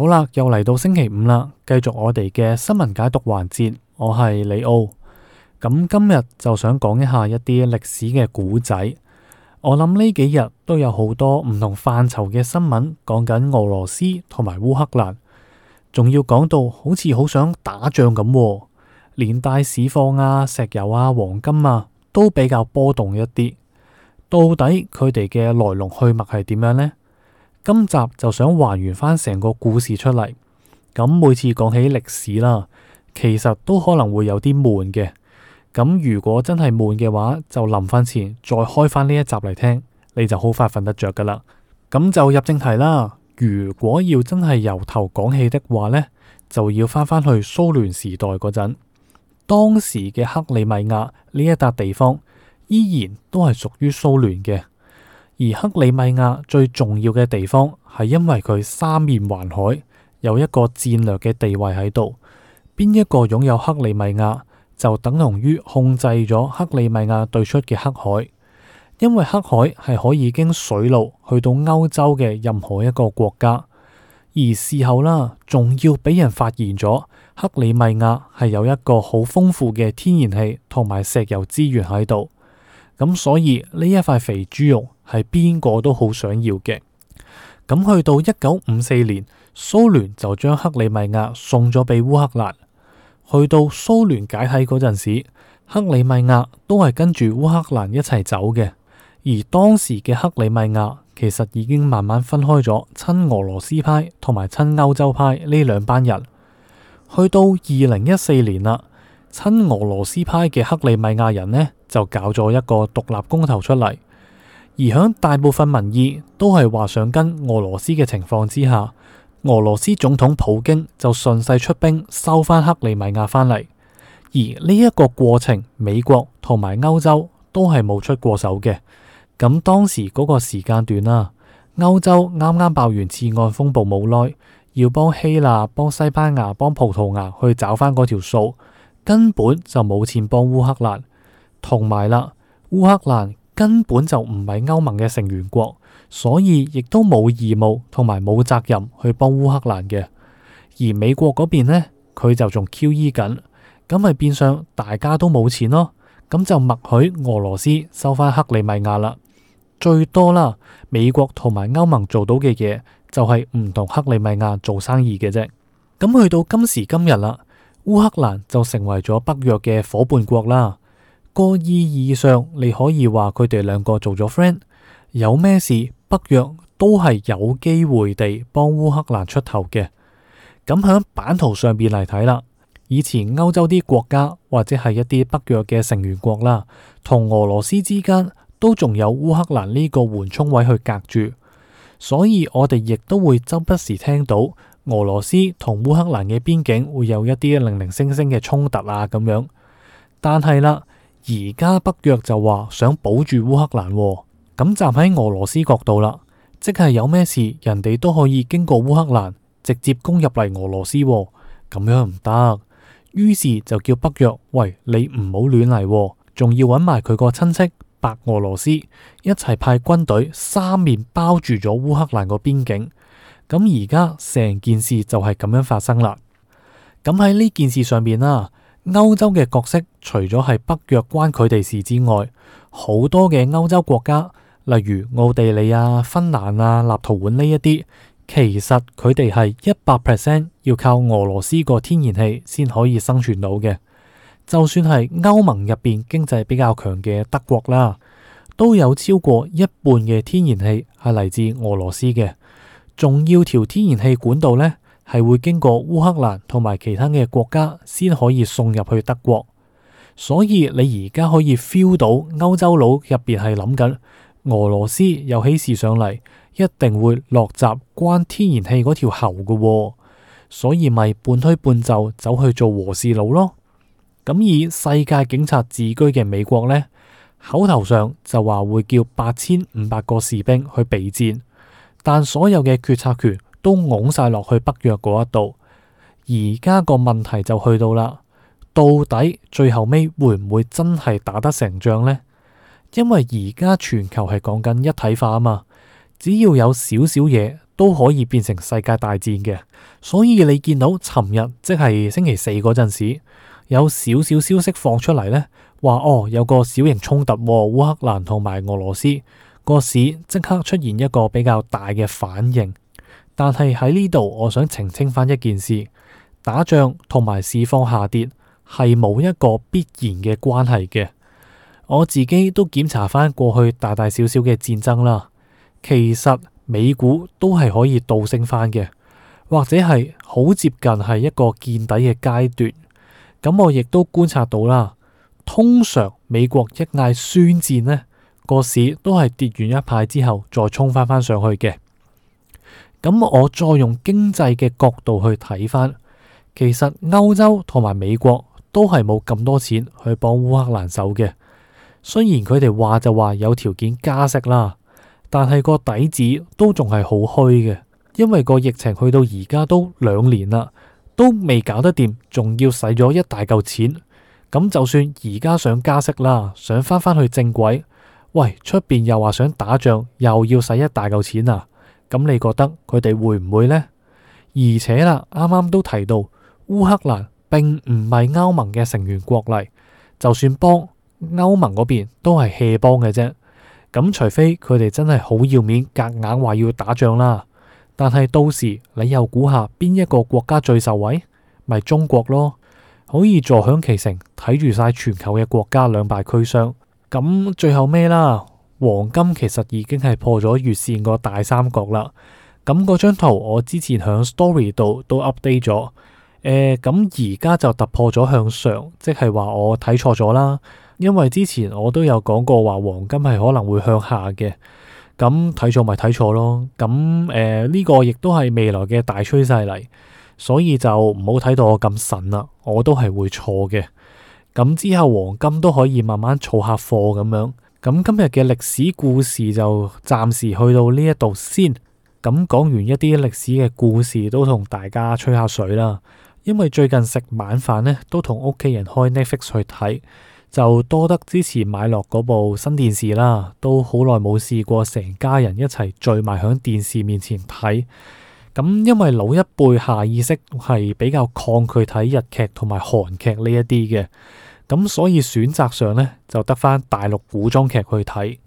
好啦，又嚟到星期五啦，繼續我哋嘅新聞解讀環節，我係李奧。咁今日就想講一下一啲歷史嘅古仔。我諗呢幾日都有好多唔同範疇嘅新聞講緊俄羅斯同埋烏克蘭，仲要講到好似好想打仗咁，連帶市況啊、石油啊、黃金啊都比較波動一啲。到底佢哋嘅來龍去脈係點樣呢？今集就想還原翻成個故事出嚟，咁每次講起歷史啦，其實都可能會有啲悶嘅。咁如果真係悶嘅話，就臨瞓前再開翻呢一集嚟聽，你就好快瞓得着噶啦。咁就入正題啦。如果要真係由頭講起的話呢，就要翻返去蘇聯時代嗰陣，當時嘅克里米亞呢一笪地方依然都係屬於蘇聯嘅。而克里米亞最重要嘅地方係因為佢三面環海，有一個戰略嘅地位喺度。邊一個擁有克里米亞，就等同於控制咗克里米亞對出嘅黑海，因為黑海係可以經水路去到歐洲嘅任何一個國家。而事後啦，仲要俾人發現咗克里米亞係有一個好豐富嘅天然氣同埋石油資源喺度。咁所以呢一塊肥豬肉係邊個都好想要嘅。咁去到一九五四年，蘇聯就將克里米亞送咗俾烏克蘭。去到蘇聯解體嗰陣時，克里米亞都係跟住烏克蘭一齊走嘅。而當時嘅克里米亞其實已經慢慢分開咗親俄羅斯派同埋親歐洲派呢兩班人。去到二零一四年啦，親俄羅斯派嘅克里米亞人呢？就搞咗一個獨立公投出嚟，而響大部分民意都係話想跟俄羅斯嘅情況之下，俄羅斯總統普京就順勢出兵收翻克里米亞翻嚟。而呢一個過程，美國同埋歐洲都係冇出過手嘅。咁當時嗰個時間段啦、啊，歐洲啱啱爆完次按風暴冇耐，要幫希臘、幫西班牙、幫葡萄牙去找翻嗰條數，根本就冇錢幫烏克蘭。同埋啦，烏克蘭根本就唔係歐盟嘅成員國，所以亦都冇義務同埋冇責任去幫烏克蘭嘅。而美國嗰邊呢，佢就仲 QE 緊，咁咪變相大家都冇錢咯。咁就默許俄羅斯收翻克里米亞啦。最多啦，美國同埋歐盟做到嘅嘢就係唔同克里米亞做生意嘅啫。咁去到今時今日啦，烏克蘭就成為咗北約嘅伙伴國啦。個意義上，你可以話佢哋兩個做咗 friend，有咩事北約都係有機會地幫烏克蘭出頭嘅。咁響版圖上邊嚟睇啦，以前歐洲啲國家或者係一啲北約嘅成員國啦，同俄羅斯之間都仲有烏克蘭呢個緩衝位去隔住，所以我哋亦都會周不時聽到俄羅斯同烏克蘭嘅邊境會有一啲零零星星嘅衝突啊，咁樣。但係啦。而家北約就話想保住烏克蘭喎，咁站喺俄羅斯角度啦，即係有咩事，人哋都可以經過烏克蘭直接攻入嚟俄羅斯喎，咁樣唔得。於是就叫北約，喂，你唔好亂嚟，仲要搵埋佢個親戚白俄羅斯一齊派軍隊三面包住咗烏克蘭個邊境。咁而家成件事就係咁樣發生啦。咁喺呢件事上面啦，啊。歐洲嘅角色除咗係北約關佢哋事之外，好多嘅歐洲國家，例如奧地利啊、芬蘭啊、立陶宛呢一啲，其實佢哋係一百 percent 要靠俄羅斯個天然氣先可以生存到嘅。就算係歐盟入邊經濟比較強嘅德國啦，都有超過一半嘅天然氣係嚟自俄羅斯嘅，仲要條天然氣管道呢，係會經過烏克蘭同埋其他嘅國家先可以送入去德國，所以你而家可以 feel 到歐洲佬入邊係諗緊俄羅斯有起事上嚟，一定會落閘關天然氣嗰條喉㗎，所以咪半推半就走去做和事佬咯。咁以世界警察自居嘅美國呢，口頭上就話會叫八千五百個士兵去備戰，但所有嘅決策權。都拱曬落去北約嗰一度，而家個問題就去到啦。到底最後尾會唔會真係打得成仗呢？因為而家全球係講緊一體化啊嘛，只要有少少嘢都可以變成世界大戰嘅。所以你見到尋日即係星期四嗰陣時，有少少消息放出嚟呢，話哦有個小型衝突，哦，烏克蘭同埋俄羅斯個市即刻出現一個比較大嘅反應。但係喺呢度，我想澄清翻一件事：打仗同埋市況下跌係冇一個必然嘅關係嘅。我自己都檢查翻過去大大小小嘅戰爭啦，其實美股都係可以倒升翻嘅，或者係好接近係一個見底嘅階段。咁我亦都觀察到啦，通常美國一嗌宣戰呢，個市都係跌完一派之後再衝翻翻上去嘅。咁我再用經濟嘅角度去睇翻，其實歐洲同埋美國都係冇咁多錢去幫烏克蘭手嘅。雖然佢哋話就話有條件加息啦，但係個底子都仲係好虛嘅，因為個疫情去到而家都兩年啦，都未搞得掂，仲要使咗一大嚿錢。咁就算而家想加息啦，想翻翻去正軌，喂，出邊又話想打仗，又要使一大嚿錢啊！咁你覺得佢哋會唔會呢？而且啦，啱啱都提到烏克蘭並唔係歐盟嘅成員國嚟，就算幫歐盟嗰邊都係卸幫嘅啫。咁除非佢哋真係好要面，夾硬話要打仗啦。但係到時你又估下邊一個國家最受惠？咪、就是、中國咯，可以坐享其成，睇住晒全球嘅國家兩敗俱傷。咁最後咩啦？黃金其實已經係破咗月線個大三角啦，咁嗰張圖我之前喺 story 度都 update 咗，誒、呃，咁而家就突破咗向上，即係話我睇錯咗啦，因為之前我都有講過話黃金係可能會向下嘅，咁、嗯、睇錯咪睇錯咯，咁誒呢個亦都係未來嘅大趨勢嚟，所以就唔好睇到我咁神啦，我都係會錯嘅，咁、嗯、之後黃金都可以慢慢儲下貨咁樣。咁今日嘅歷史故事就暫時去到呢一度先。咁講完一啲歷史嘅故事，都同大家吹下水啦。因為最近食晚飯呢，都同屋企人開 Netflix 去睇，就多得之前買落嗰部新電視啦。都好耐冇試過成家人一齊聚埋響電視面前睇。咁因為老一輩下意識係比較抗拒睇日劇同埋韓劇呢一啲嘅。咁所以選擇上呢，就得翻大陸古裝劇去睇。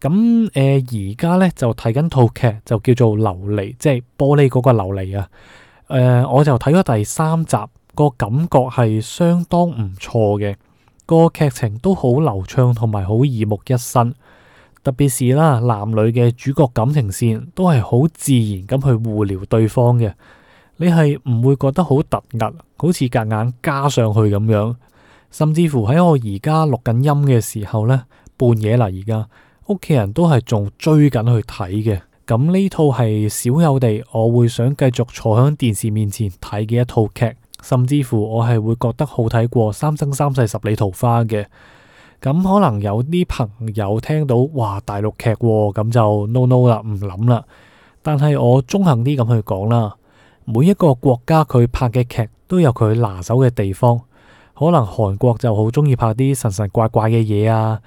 咁誒，而、呃、家呢，就睇緊套劇就叫做琉璃，即係玻璃嗰個琉璃啊。誒、呃，我就睇咗第三集，個感覺係相當唔錯嘅。個劇情都好流暢，同埋好耳目一新。特別是啦，男女嘅主角感情線都係好自然咁去互聊對方嘅，你係唔會覺得好突兀，好似夾硬，硬加上去咁樣。甚至乎喺我而家錄緊音嘅時候呢，半夜啦而家，屋企人都係仲追緊去睇嘅。咁呢套係少有地我會想繼續坐響電視面前睇嘅一套劇，甚至乎我係會覺得好睇過《三生三世十里桃花》嘅。咁可能有啲朋友聽到，哇，大陸劇喎，咁就 no no 啦，唔諗啦。但係我中肯啲咁去講啦，每一個國家佢拍嘅劇都有佢拿手嘅地方。可能韓國就好中意拍啲神神怪怪嘅嘢啊，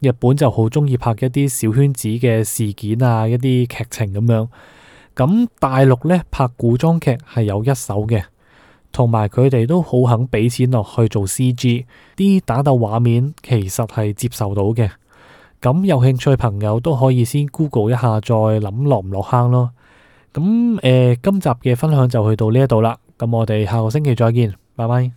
日本就好中意拍一啲小圈子嘅事件啊，一啲劇情咁樣。咁大陸呢，拍古裝劇係有一手嘅，同埋佢哋都好肯俾錢落去做 CG 啲打鬥畫面，其實係接受到嘅。咁有興趣朋友都可以先 Google 一下，再諗落唔落坑咯。咁誒、呃，今集嘅分享就去到呢一度啦。咁我哋下個星期再見，拜拜。